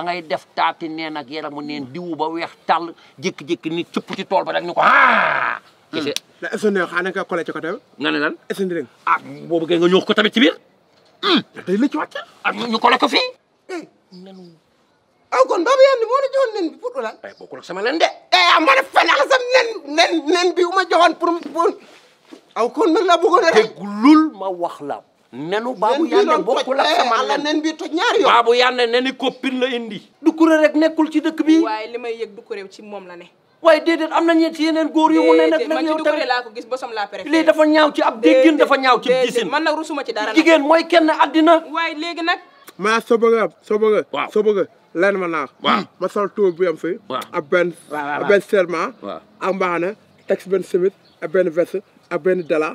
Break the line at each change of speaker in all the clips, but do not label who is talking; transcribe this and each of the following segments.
da ngay def taati neen ak yaramu neen diwu ba weex tàll jékki-jékki ni cëpp ci tool ba rek ni ko haa kese
hmm. la esondé xana ka kolé ci ko taw nga ne lan esondé
ah bo bëggé nga ñox ko tamit ci biir hmm day la ci wacc ak ah, ñu kolé ko fi eh. nanu aw kon babu yandi mo la joxon nen bi pour lan ay eh, bokku sama len de eh am na fena sam nen nen nen bi uma joxon pour aw kon man la bëggoon rek déggulul ma wax la nenu baabu yande bokkul ak eh, sama nen nen bi toj ñaari yoon baabu yande neni koppin la indi dukkure rek nekkul ci dëkk bi waaye li may yëg dukkure ci moom la ne waaye déedéet am na ñeent yeneen góor yu mu ne nag nag laa ko gis bosom laa préféré lii dafa ñaaw ci ab déggin dafa ñaaw ci gisin man nag rusuma ci dara jigéen mooy kenn àddina waaye léegi nag
maa soo bëgg a soo bëgg waaw soo bëgg a leen ma naax waaw ma sol tuub bu yam fi ak benn ak benn serment ak benn simit ak benn veste ak benn dala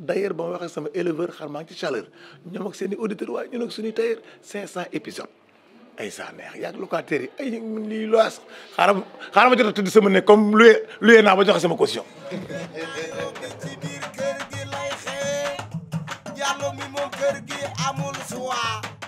d'ailleurs ba ma waxee sama éleveur xar maa ngi ci chaleur ñoom ak seen i auditeurs waaye ñun ak suñuy tailleur 500 épisodes ay saa neex yaa ngi locataires yi ay lii loo as xaaral ma xaaral ma jot a tëdd sama ne comme luye luye naa ba joxe sama caution. ci biir kër gi lay xëy mi moom kër gi amul choix.